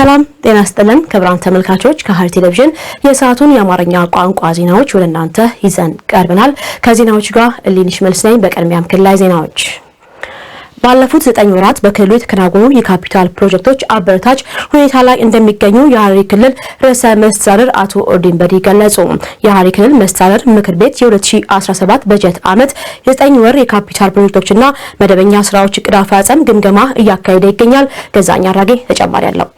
ሰላም ጤና ስጥልን ክብራን ተመልካቾች፣ ከሐረሪ ቴሌቪዥን የሰዓቱን የአማርኛ ቋንቋ ዜናዎች ወደ እናንተ ይዘን ቀርበናል። ከዜናዎቹ ጋር እሊንሽ መልስ ነኝ። በቅድሚያም ክልላዊ ዜናዎች ባለፉት ዘጠኝ ወራት በክልሉ የተከናወኑ የካፒታል ፕሮጀክቶች አበረታች ሁኔታ ላይ እንደሚገኙ የሐረሪ ክልል ርዕሰ መስተዳድር አቶ ኦርዲን በዲ ገለጹ። የሐረሪ ክልል መስተዳድር ምክር ቤት የ2017 በጀት ዓመት የዘጠኝ ወር የካፒታል ፕሮጀክቶችና መደበኛ ስራዎች እቅድ አፈጻጸም ግምገማ እያካሄደ ይገኛል። ገዛኛ አራጌ ተጨማሪ አለው።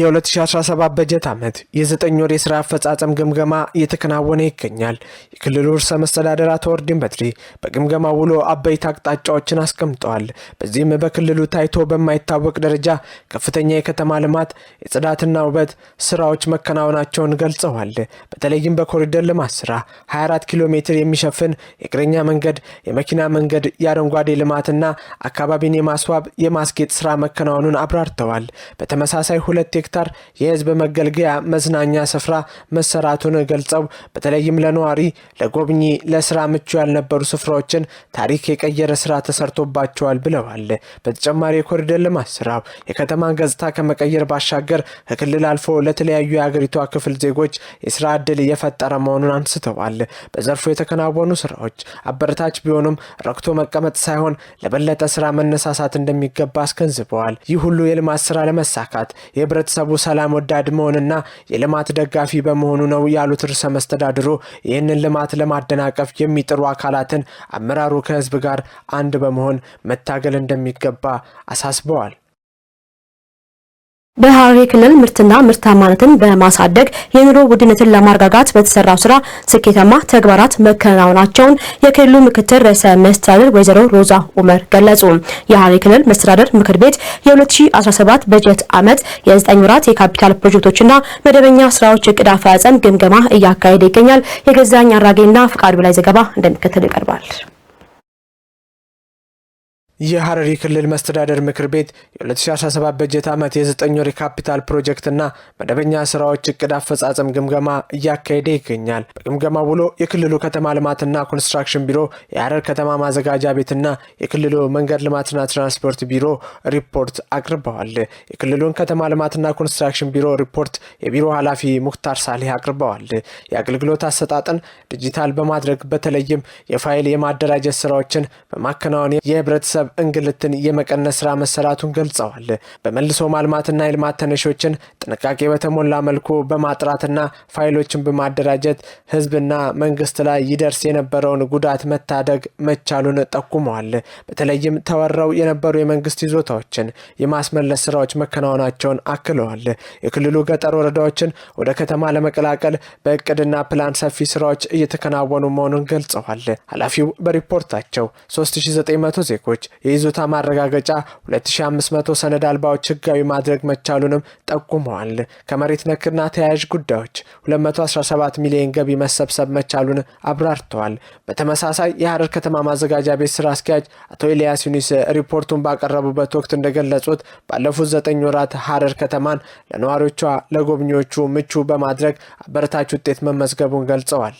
የ2017 በጀት ዓመት የዘጠኝ ወር የሥራ አፈጻጸም ግምገማ እየተከናወነ ይገኛል። የክልሉ ርዕሰ መስተዳደር አቶ ወርዲን በድሪ በግምገማ ውሎ አበይት አቅጣጫዎችን አስቀምጠዋል። በዚህም በክልሉ ታይቶ በማይታወቅ ደረጃ ከፍተኛ የከተማ ልማት፣ የጽዳትና ውበት ስራዎች መከናወናቸውን ገልጸዋል። በተለይም በኮሪደር ልማት ስራ 24 ኪሎ ሜትር የሚሸፍን የእግረኛ መንገድ፣ የመኪና መንገድ፣ የአረንጓዴ ልማትና አካባቢን የማስዋብ የማስጌጥ ስራ መከናወኑን አብራርተዋል። በተመሳሳይ ሁለት ሄክታር የህዝብ መገልገያ መዝናኛ ስፍራ መሰራቱን ገልጸው በተለይም ለነዋሪ፣ ለጎብኚ ለስራ ምቹ ያልነበሩ ስፍራዎችን ታሪክ የቀየረ ስራ ተሰርቶባቸዋል ብለዋል። በተጨማሪ የኮሪደር ልማት ስራው የከተማን ገጽታ ከመቀየር ባሻገር ከክልል አልፎ ለተለያዩ የአገሪቷ ክፍል ዜጎች የስራ እድል እየፈጠረ መሆኑን አንስተዋል። በዘርፉ የተከናወኑ ስራዎች አበረታች ቢሆኑም ረክቶ መቀመጥ ሳይሆን ለበለጠ ስራ መነሳሳት እንደሚገባ አስገንዝበዋል። ይህ ሁሉ የልማት ስራ ለመሳካት የህብረት ህብረተሰቡ ሰላም ወዳድ መሆንና የልማት ደጋፊ በመሆኑ ነው ያሉት ርዕሰ መስተዳድሩ ይህንን ልማት ለማደናቀፍ የሚጥሩ አካላትን አመራሩ ከህዝብ ጋር አንድ በመሆን መታገል እንደሚገባ አሳስበዋል። በሐረሪ ክልል ምርትና ምርታማነትን በማሳደግ የኑሮ ውድነትን ለማረጋጋት በተሰራው ስራ ስኬታማ ተግባራት መከናወናቸውን የክልሉ ምክትል ርዕሰ መስተዳድር ወይዘሮ ሮዛ ኡመር ገለጹ። የሐረሪ ክልል መስተዳድር ምክር ቤት የ2017 በጀት ዓመት የ9 ወራት የካፒታል ፕሮጀክቶችና መደበኛ ስራዎች እቅድ አፈጻጸም ግምገማ እያካሄደ ይገኛል። የገዛኝ አራጌና ፈቃድ ላይ ዘገባ እንደሚከተል ይቀርባል። የሐረሪ ክልል መስተዳደር ምክር ቤት የ2017 በጀት ዓመት የዘጠኝ ወር የካፒታል ፕሮጀክትና መደበኛ ስራዎች እቅድ አፈጻጸም ግምገማ እያካሄደ ይገኛል። በግምገማ ውሎ የክልሉ ከተማ ልማትና ኮንስትራክሽን ቢሮ፣ የሐረር ከተማ ማዘጋጃ ቤትና የክልሉ መንገድ ልማትና ትራንስፖርት ቢሮ ሪፖርት አቅርበዋል። የክልሉን ከተማ ልማትና ኮንስትራክሽን ቢሮ ሪፖርት የቢሮ ኃላፊ ሙክታር ሳሌህ አቅርበዋል። የአገልግሎት አሰጣጥን ዲጂታል በማድረግ በተለይም የፋይል የማደራጀት ስራዎችን በማከናወን የህብረተሰብ እንግልትን የመቀነስ ስራ መሰራቱን ገልጸዋል። በመልሶ ማልማትና የልማት ተነሾችን ጥንቃቄ በተሞላ መልኩ በማጥራትና ፋይሎችን በማደራጀት ህዝብና መንግስት ላይ ይደርስ የነበረውን ጉዳት መታደግ መቻሉን ጠቁመዋል። በተለይም ተወረው የነበሩ የመንግስት ይዞታዎችን የማስመለስ ስራዎች መከናወናቸውን አክለዋል። የክልሉ ገጠር ወረዳዎችን ወደ ከተማ ለመቀላቀል በእቅድና ፕላን ሰፊ ስራዎች እየተከናወኑ መሆኑን ገልጸዋል። ኃላፊው በሪፖርታቸው 3900 ዜጎች የይዞታ ማረጋገጫ 2500 ሰነድ አልባዎች ህጋዊ ማድረግ መቻሉንም ጠቁመዋል። ከመሬት ነክና ተያያዥ ጉዳዮች 217 ሚሊዮን ገቢ መሰብሰብ መቻሉን አብራርተዋል። በተመሳሳይ የሐረር ከተማ ማዘጋጃ ቤት ስራ አስኪያጅ አቶ ኤልያስ ዩኒስ ሪፖርቱን ባቀረቡበት ወቅት እንደገለጹት ባለፉት ዘጠኝ ወራት ሐረር ከተማን ለነዋሪዎቿ ለጎብኚዎቹ ምቹ በማድረግ አበረታች ውጤት መመዝገቡን ገልጸዋል።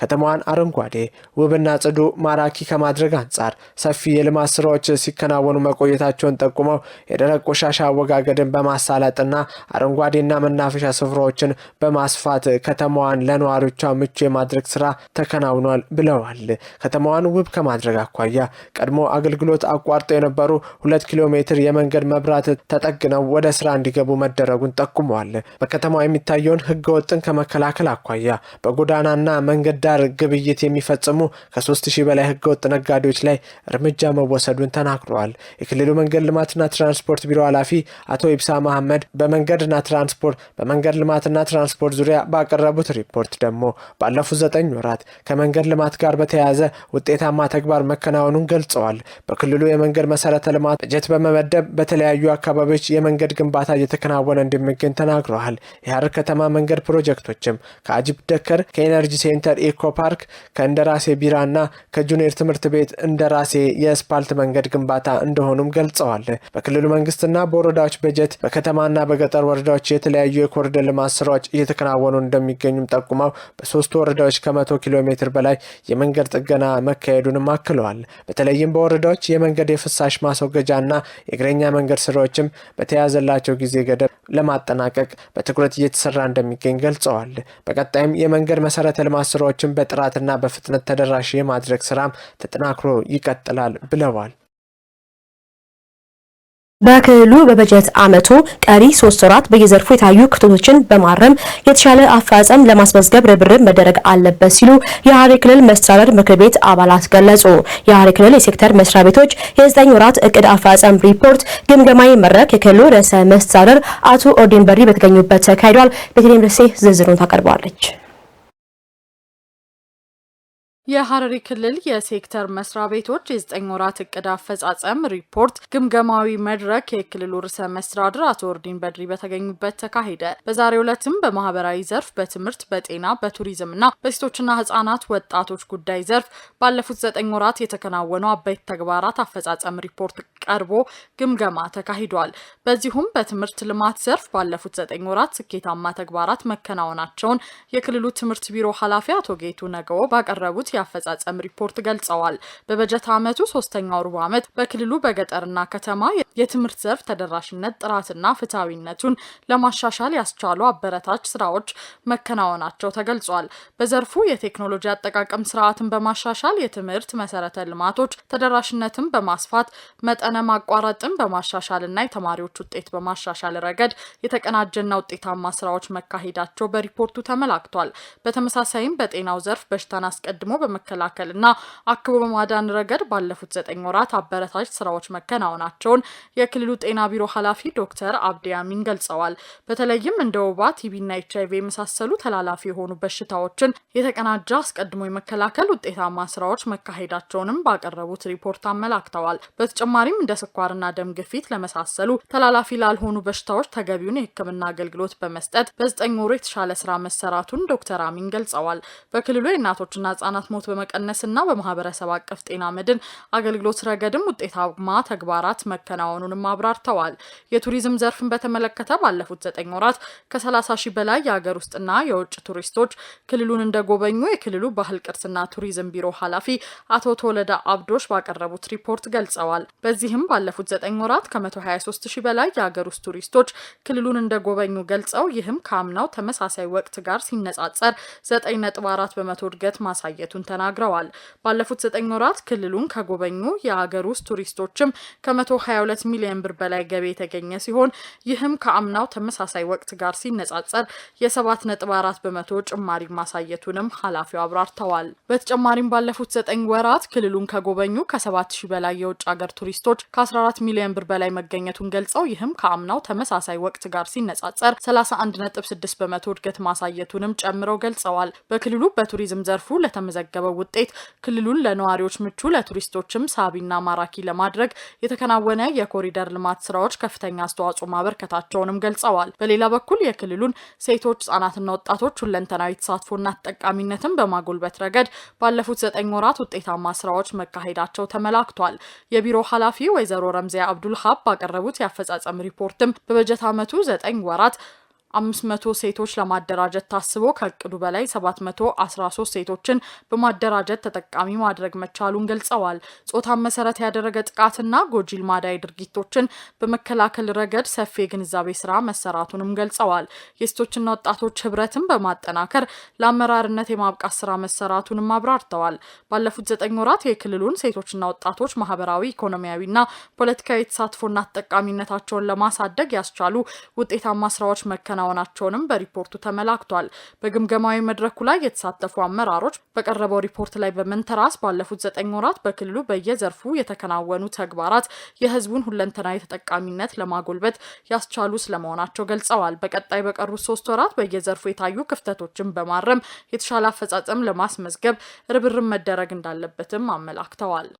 ከተማዋን አረንጓዴ፣ ውብና ጽዱ ማራኪ ከማድረግ አንጻር ሰፊ የልማት ስራዎች ስራዎች ሲከናወኑ መቆየታቸውን ጠቁመው የደረቅ ቆሻሻ አወጋገድን በማሳለጥና አረንጓዴና መናፈሻ ስፍራዎችን በማስፋት ከተማዋን ለነዋሪዎቿ ምቹ የማድረግ ስራ ተከናውኗል ብለዋል። ከተማዋን ውብ ከማድረግ አኳያ ቀድሞ አገልግሎት አቋርጠው የነበሩ ሁለት ኪሎ ሜትር የመንገድ መብራት ተጠግነው ወደ ስራ እንዲገቡ መደረጉን ጠቁመዋል። በከተማዋ የሚታየውን ህገወጥን ከመከላከል አኳያ በጎዳናና መንገድ ዳር ግብይት የሚፈጽሙ ከ ሺህ በላይ ህገወጥ ነጋዴዎች ላይ እርምጃ መወሰዱን ተናግረዋል። የክልሉ መንገድ ልማትና ትራንስፖርት ቢሮ ኃላፊ አቶ ኢብሳ መሐመድ በመንገድና ትራንስፖርት በመንገድ ልማትና ትራንስፖርት ዙሪያ ባቀረቡት ሪፖርት ደግሞ ባለፉት ዘጠኝ ወራት ከመንገድ ልማት ጋር በተያያዘ ውጤታማ ተግባር መከናወኑን ገልጸዋል። በክልሉ የመንገድ መሰረተ ልማት በጀት በመመደብ በተለያዩ አካባቢዎች የመንገድ ግንባታ እየተከናወነ እንደሚገኝ ተናግረዋል። የሐረር ከተማ መንገድ ፕሮጀክቶችም ከአጅብ ደከር፣ ከኤነርጂ ሴንተር ኢኮ ፓርክ፣ ከእንደራሴ ቢራና ከጁኒየር ትምህርት ቤት እንደራሴ የስፓልት መንገድ የመንገድ ግንባታ እንደሆኑም ገልጸዋል። በክልሉ መንግስትና በወረዳዎች በጀት በከተማና በገጠር ወረዳዎች የተለያዩ የኮሪደር ልማት ስራዎች እየተከናወኑ እንደሚገኙም ጠቁመው በሶስቱ ወረዳዎች ከመቶ ኪሎ ሜትር በላይ የመንገድ ጥገና መካሄዱንም አክለዋል። በተለይም በወረዳዎች የመንገድ የፍሳሽ ማስወገጃና የእግረኛ መንገድ ስራዎችም በተያዘላቸው ጊዜ ገደብ ለማጠናቀቅ በትኩረት እየተሰራ እንደሚገኝ ገልጸዋል። በቀጣይም የመንገድ መሰረተ ልማት ስራዎችን በጥራትና በፍጥነት ተደራሽ የማድረግ ስራም ተጠናክሮ ይቀጥላል ብለዋል። በክልሉ በበጀት ዓመቱ ቀሪ ሶስት ወራት በየዘርፉ የታዩ ክፍተቶችን በማረም የተሻለ አፈጻጸም ለማስመዝገብ ርብርብ መደረግ አለበት ሲሉ የሐረሪ ክልል መስተዳድር ምክር ቤት አባላት ገለጹ። የሐረሪ ክልል የሴክተር መስሪያ ቤቶች የዘጠኝ ወራት እቅድ አፈጻጸም ሪፖርት ግምገማዊ መድረክ የክልሉ ርዕሰ መስተዳድር አቶ ኦርዲን በሪ በተገኙበት ተካሂዷል። ቤተልሔም ደሴ ዝርዝሩን ታቀርባለች። የሐረሪ ክልል የሴክተር መስሪያ ቤቶች የዘጠኝ ወራት እቅድ አፈጻጸም ሪፖርት ግምገማዊ መድረክ የክልሉ ርዕሰ መስተዳድር አቶ ወርዲን በድሪ በተገኙበት ተካሄደ። በዛሬው ዕለትም በማህበራዊ ዘርፍ፣ በትምህርት፣ በጤና፣ በቱሪዝምና በሴቶችና ህጻናት ወጣቶች ጉዳይ ዘርፍ ባለፉት ዘጠኝ ወራት የተከናወኑ አበይት ተግባራት አፈጻጸም ሪፖርት ቀርቦ ግምገማ ተካሂዷል። በዚሁም በትምህርት ልማት ዘርፍ ባለፉት ዘጠኝ ወራት ስኬታማ ተግባራት መከናወናቸውን የክልሉ ትምህርት ቢሮ ኃላፊ አቶ ጌቱ ነገዎ ባቀረቡት የአፈጻጸም ሪፖርት ገልጸዋል። በበጀት ዓመቱ ሶስተኛው ሩብ ዓመት በክልሉ በገጠርና ከተማ የትምህርት ዘርፍ ተደራሽነት ጥራትና ፍትሐዊነቱን ለማሻሻል ያስቻሉ አበረታች ስራዎች መከናወናቸው ተገልጿል። በዘርፉ የቴክኖሎጂ አጠቃቀም ስርዓትን በማሻሻል የትምህርት መሰረተ ልማቶች ተደራሽነትን በማስፋት መጠነ ማቋረጥን በማሻሻልና የተማሪዎች ውጤት በማሻሻል ረገድ የተቀናጀና ውጤታማ ስራዎች መካሄዳቸው በሪፖርቱ ተመላክቷል። በተመሳሳይም በጤናው ዘርፍ በሽታን አስቀድሞ በመከላከል እና አክቦ በማዳን ረገድ ባለፉት ዘጠኝ ወራት አበረታች ስራዎች መከናወናቸውን የክልሉ ጤና ቢሮ ኃላፊ ዶክተር አብዲ አሚን ገልጸዋል። በተለይም እንደ ወባ፣ ቲቢና ኤች አይቪ የመሳሰሉ ተላላፊ የሆኑ በሽታዎችን የተቀናጀ አስቀድሞ የመከላከል ውጤታማ ስራዎች መካሄዳቸውንም ባቀረቡት ሪፖርት አመላክተዋል። በተጨማሪም እንደ ስኳርና ደም ግፊት ለመሳሰሉ ተላላፊ ላልሆኑ በሽታዎች ተገቢውን የሕክምና አገልግሎት በመስጠት በዘጠኝ ወሩ የተሻለ ስራ መሰራቱን ዶክተር አሚን ገልጸዋል። በክልሉ የእናቶችና ህጻናት ሞት በመቀነስና በማህበረሰብ አቀፍ ጤና መድን አገልግሎት ረገድም ውጤታማ ተግባራት መከናወኑንም አብራርተዋል። የቱሪዝም ዘርፍን በተመለከተ ባለፉት ዘጠኝ ወራት ከ30 ሺህ በላይ የሀገር ውስጥና የውጭ ቱሪስቶች ክልሉን እንደጎበኙ የክልሉ ባህል ቅርስና ቱሪዝም ቢሮ ኃላፊ አቶ ተወለዳ አብዶሽ ባቀረቡት ሪፖርት ገልጸዋል። በዚህም ባለፉት ዘጠኝ ወራት ከ123 ሺህ በላይ የሀገር ውስጥ ቱሪስቶች ክልሉን እንደጎበኙ ገልጸው ይህም ከአምናው ተመሳሳይ ወቅት ጋር ሲነጻጸር 9.4 በመቶ እድገት ማሳየቱን መሆናቸውን ተናግረዋል። ባለፉት ዘጠኝ ወራት ክልሉን ከጎበኙ የሀገር ውስጥ ቱሪስቶችም ከ122 ሚሊዮን ብር በላይ ገቢ የተገኘ ሲሆን ይህም ከአምናው ተመሳሳይ ወቅት ጋር ሲነጻጸር የ7.4 በመቶ ጭማሪ ማሳየቱንም ኃላፊው አብራርተዋል። በተጨማሪም ባለፉት ዘጠኝ ወራት ክልሉን ከጎበኙ ከ7000 በላይ የውጭ ሀገር ቱሪስቶች ከ14 ሚሊዮን ብር በላይ መገኘቱን ገልጸው ይህም ከአምናው ተመሳሳይ ወቅት ጋር ሲነጻጸር 31.6 በመቶ እድገት ማሳየቱንም ጨምረው ገልጸዋል። በክልሉ በቱሪዝም ዘርፉ ለተመዘገ የተመዘገበው ውጤት ክልሉን ለነዋሪዎች ምቹ፣ ለቱሪስቶችም ሳቢና ማራኪ ለማድረግ የተከናወነ የኮሪደር ልማት ስራዎች ከፍተኛ አስተዋጽኦ ማበርከታቸውንም ገልጸዋል። በሌላ በኩል የክልሉን ሴቶች ህጻናትና ወጣቶች ሁለንተናዊ ተሳትፎና ተጠቃሚነትን በማጎልበት ረገድ ባለፉት ዘጠኝ ወራት ውጤታማ ስራዎች መካሄዳቸው ተመላክቷል። የቢሮ ኃላፊ ወይዘሮ ረምዚያ አብዱልሀብ ባቀረቡት የአፈጻጸም ሪፖርትም በበጀት ዓመቱ ዘጠኝ ወራት አምስት መቶ ሴቶች ለማደራጀት ታስቦ ከእቅዱ በላይ ሰባት መቶ አስራ ሶስት ሴቶችን በማደራጀት ተጠቃሚ ማድረግ መቻሉን ገልጸዋል። ጾታን መሰረት ያደረገ ጥቃትና ጎጂ ልማዳዊ ድርጊቶችን በመከላከል ረገድ ሰፊ የግንዛቤ ስራ መሰራቱንም ገልጸዋል። የሴቶችና ወጣቶች ህብረትን በማጠናከር ለአመራርነት የማብቃት ስራ መሰራቱንም አብራርተዋል። ባለፉት ዘጠኝ ወራት የክልሉን ሴቶችና ወጣቶች ማህበራዊ፣ ኢኮኖሚያዊና ፖለቲካዊ ተሳትፎና ተጠቃሚነታቸውን ለማሳደግ ያስቻሉ ውጤታማ ስራዎች መከናል መከናወናቸውንም በሪፖርቱ ተመላክቷል። በግምገማዊ መድረኩ ላይ የተሳተፉ አመራሮች በቀረበው ሪፖርት ላይ በመንተራስ ባለፉት ዘጠኝ ወራት በክልሉ በየዘርፉ የተከናወኑ ተግባራት የህዝቡን ሁለንተናዊ ተጠቃሚነት ለማጎልበት ያስቻሉ ስለመሆናቸው ገልጸዋል። በቀጣይ በቀሩት ሶስት ወራት በየዘርፉ የታዩ ክፍተቶችን በማረም የተሻለ አፈጻጸም ለማስመዝገብ ርብርብ መደረግ እንዳለበትም አመላክተዋል።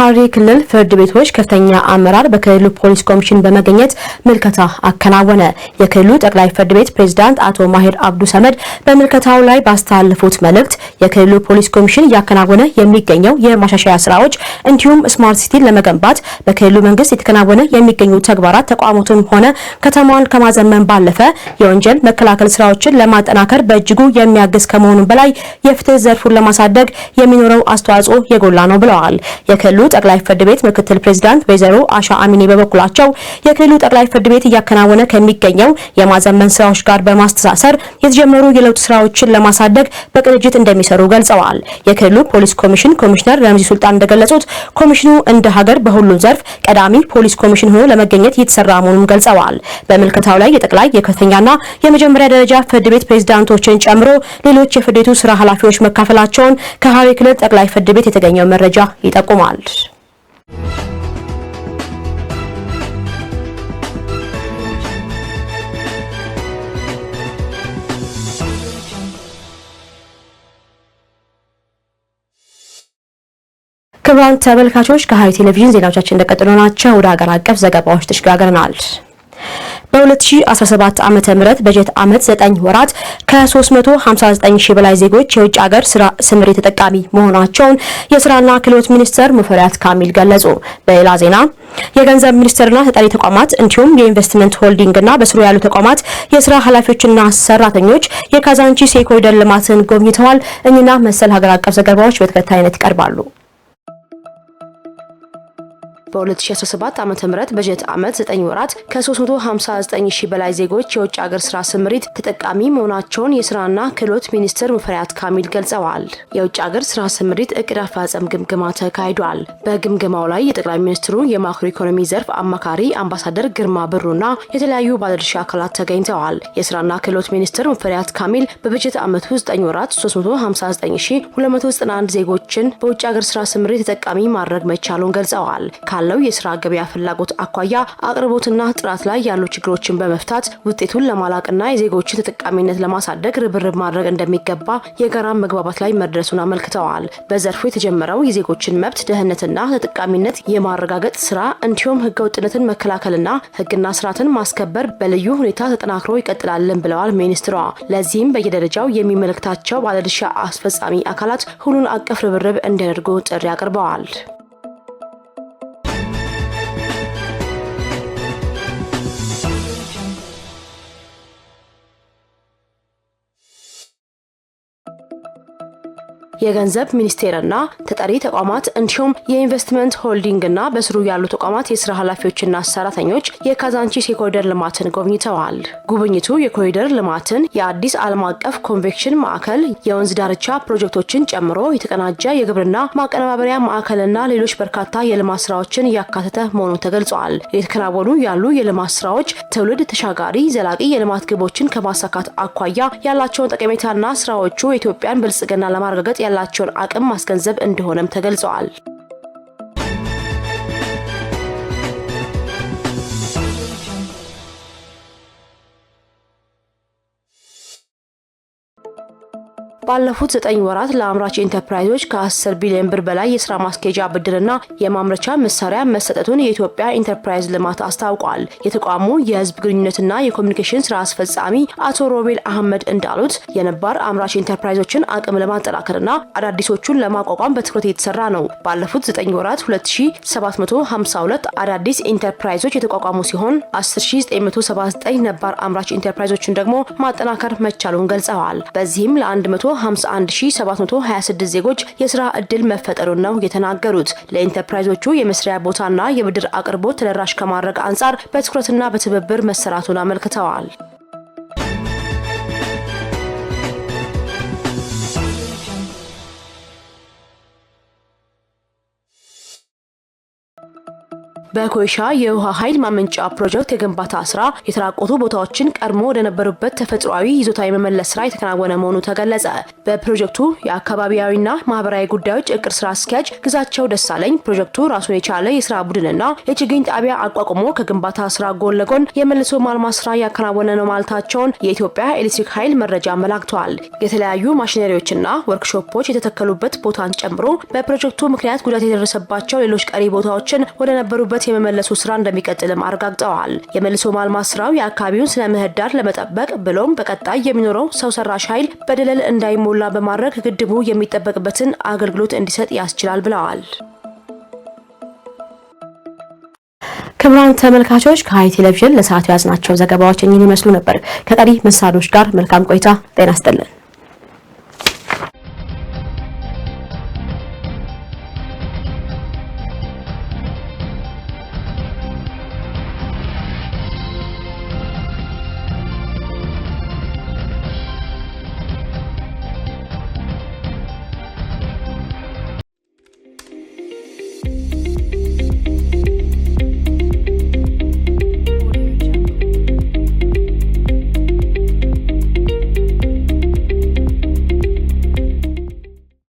የሐረሪ ክልል ፍርድ ቤቶች ከፍተኛ አመራር በክልሉ ፖሊስ ኮሚሽን በመገኘት ምልከታ አከናወነ። የክልሉ ጠቅላይ ፍርድ ቤት ፕሬዝዳንት አቶ ማሄር አብዱ ሰመድ በምልከታው ላይ ባስተላለፉት መልእክት የክልሉ ፖሊስ ኮሚሽን እያከናወነ የሚገኘው የማሻሻያ ስራዎች እንዲሁም ስማርት ሲቲን ለመገንባት በክልሉ መንግስት የተከናወነ የሚገኙ ተግባራት ተቋማቱም ሆነ ከተማዋን ከማዘመን ባለፈ የወንጀል መከላከል ስራዎችን ለማጠናከር በእጅጉ የሚያግዝ ከመሆኑ በላይ የፍትህ ዘርፉን ለማሳደግ የሚኖረው አስተዋጽኦ የጎላ ነው ብለዋል። የክልሉ ጠቅላይ ፍርድ ቤት ምክትል ፕሬዚዳንት ወይዘሮ አሻ አሚኔ በበኩላቸው የክልሉ ጠቅላይ ፍርድ ቤት እያከናወነ ከሚገኘው የማዘመን ስራዎች ጋር በማስተሳሰር የተጀመሩ የለውጥ ስራዎችን ለማሳደግ በቅንጅት እንደሚሰሩ ገልጸዋል። የክልሉ ፖሊስ ኮሚሽን ኮሚሽነር ረምዚ ሱልጣን እንደገለጹት ኮሚሽኑ እንደ ሀገር በሁሉም ዘርፍ ቀዳሚ ፖሊስ ኮሚሽን ሆኖ ለመገኘት እየተሰራ መሆኑን ገልጸዋል። በምልከታው ላይ የጠቅላይ የከፍተኛና የመጀመሪያ ደረጃ ፍርድ ቤት ፕሬዚዳንቶችን ጨምሮ ሌሎች የፍርድ ቤቱ ስራ ኃላፊዎች መካፈላቸውን ከሐረሪ ክልል ጠቅላይ ፍርድ ቤት የተገኘው መረጃ ይጠቁማል። ክቡራን ተመልካቾች ከሐረሪ ቴሌቪዥን ዜናዎቻችን እንደቀጠሉ ናቸው። ወደ ሀገር አቀፍ ዘገባዎች ተሸጋግረናል። በ2017 ዓ.ም በጀት ዓመት 9 ወራት ከ359 ሺህ በላይ ዜጎች የውጭ ሀገር ስራ ስምሪት ተጠቃሚ መሆናቸውን የስራና ክህሎት ሚኒስትር ሙፈሪያት ካሚል ገለጹ። በሌላ ዜና የገንዘብ ሚኒስቴርና ተጠሪ ተቋማት እንዲሁም የኢንቨስትመንት ሆልዲንግና በስሩ ያሉ ተቋማት የስራ ኃላፊዎችና ሰራተኞች የካዛንቺስ የኮሪደር ልማትን ጎብኝተዋል። እኚህና መሰል ሀገር አቀፍ ዘገባዎች በተከታይነት ይቀርባሉ። በ2017 ዓ ም በጀት ዓመት 9 ወራት ከ359 ሺህ በላይ ዜጎች የውጭ ሀገር ስራ ስምሪት ተጠቃሚ መሆናቸውን የስራና ክህሎት ሚኒስትር ሙፈሪያት ካሚል ገልጸዋል። የውጭ ሀገር ስራ ስምሪት እቅድ አፈጻጸም ግምገማ ተካሂዷል። በግምገማው ላይ የጠቅላይ ሚኒስትሩ የማክሮ ኢኮኖሚ ዘርፍ አማካሪ አምባሳደር ግርማ ብሩና የተለያዩ ባለድርሻ አካላት ተገኝተዋል። የስራና ክህሎት ሚኒስትር ሙፈሪያት ካሚል በበጀት ዓመቱ 9 ወራት 359291 ዜጎችን በውጭ ሀገር ስራ ስምሪት ተጠቃሚ ማድረግ መቻሉን ገልጸዋል። ካለው የስራ ገበያ ፍላጎት አኳያ አቅርቦትና ጥራት ላይ ያሉ ችግሮችን በመፍታት ውጤቱን ለማላቅና የዜጎችን ተጠቃሚነት ለማሳደግ ርብርብ ማድረግ እንደሚገባ የጋራ መግባባት ላይ መድረሱን አመልክተዋል። በዘርፉ የተጀመረው የዜጎችን መብት ደህንነትና ተጠቃሚነት የማረጋገጥ ስራ እንዲሁም ህገ ውጥነትን መከላከልና ህግና ስርዓትን ማስከበር በልዩ ሁኔታ ተጠናክሮ ይቀጥላልን ብለዋል ሚኒስትሯ። ለዚህም በየደረጃው የሚመለከታቸው ባለድርሻ አስፈጻሚ አካላት ሁሉን አቀፍ ርብርብ እንዲያደርጉ ጥሪ አቅርበዋል። የገንዘብ ሚኒስቴርና ተጠሪ ተቋማት እንዲሁም የኢንቨስትመንት ሆልዲንግና በስሩ ያሉ ተቋማት የስራ ኃላፊዎችና ሰራተኞች የካዛንቺስ የኮሪደር ልማትን ጎብኝተዋል። ጉብኝቱ የኮሪደር ልማትን፣ የአዲስ ዓለም አቀፍ ኮንቬክሽን ማዕከል፣ የወንዝ ዳርቻ ፕሮጀክቶችን ጨምሮ የተቀናጀ የግብርና ማቀነባበሪያ ማዕከልና ሌሎች በርካታ የልማት ስራዎችን እያካተተ መሆኑ ተገልጿል። የተከናወኑ ያሉ የልማት ስራዎች ትውልድ ተሻጋሪ ዘላቂ የልማት ግቦችን ከማሳካት አኳያ ያላቸውን ጠቀሜታና ስራዎቹ የኢትዮጵያን ብልጽግና ለማረጋገጥ ያላቸውን አቅም ማስገንዘብ እንደሆነም ተገልጸዋል። ባለፉት ዘጠኝ ወራት ለአምራች ኢንተርፕራይዞች ከ10 ቢሊዮን ብር በላይ የስራ ማስኬጃ ብድርና የማምረቻ መሳሪያ መሰጠቱን የኢትዮጵያ ኢንተርፕራይዝ ልማት አስታውቋል። የተቋሙ የህዝብ ግንኙነትና የኮሚኒኬሽን ስራ አስፈጻሚ አቶ ሮቤል አህመድ እንዳሉት የነባር አምራች ኢንተርፕራይዞችን አቅም ለማጠናከርና አዳዲሶቹን ለማቋቋም በትኩረት የተሰራ ነው። ባለፉት ዘጠኝ ወራት 2752 አዳዲስ ኢንተርፕራይዞች የተቋቋሙ ሲሆን 10979 ነባር አምራች ኢንተርፕራይዞችን ደግሞ ማጠናከር መቻሉን ገልጸዋል። በዚህም ለ1 51726 ዜጎች የስራ እድል መፈጠሩን ነው የተናገሩት። ለኢንተርፕራይዞቹ የመስሪያ ቦታና የብድር አቅርቦት ተደራሽ ከማድረግ አንጻር በትኩረትና በትብብር መሰራቱን አመልክተዋል። በኮይሻ የውሃ ኃይል ማመንጫ ፕሮጀክት የግንባታ ስራ የተራቆቱ ቦታዎችን ቀድሞ ወደነበሩበት ተፈጥሯዊ ይዞታ የመመለስ ስራ የተከናወነ መሆኑ ተገለጸ። በፕሮጀክቱ የአካባቢያዊና ማህበራዊ ጉዳዮች እቅድ ስራ አስኪያጅ ግዛቸው ደሳለኝ ፕሮጀክቱ ራሱን የቻለ የስራ ቡድንና የችግኝ ጣቢያ አቋቁሞ ከግንባታ ስራ ጎን ለጎን የመልሶ ማልማት ስራ እያከናወነ ነው ማለታቸውን የኢትዮጵያ ኤሌክትሪክ ኃይል መረጃ አመላክተዋል። የተለያዩ ማሽነሪዎችና ወርክሾፖች የተተከሉበት ቦታን ጨምሮ በፕሮጀክቱ ምክንያት ጉዳት የደረሰባቸው ሌሎች ቀሪ ቦታዎችን ወደነበሩበት ህይወት የመመለሱ ስራ እንደሚቀጥልም አረጋግጠዋል። የመልሶ ማልማት ስራው የአካባቢውን ስነ ምህዳር ለመጠበቅ ብሎም በቀጣይ የሚኖረው ሰው ሰራሽ ኃይል በደለል እንዳይሞላ በማድረግ ግድቡ የሚጠበቅበትን አገልግሎት እንዲሰጥ ያስችላል ብለዋል። ክብራን ተመልካቾች ከሀይ ቴሌቪዥን ለሰዓቱ ያዝናቸው ዘገባዎች እኚህን ይመስሉ ነበር። ከቀሪ መሰናዶች ጋር መልካም ቆይታ። ጤና ይስጥልን።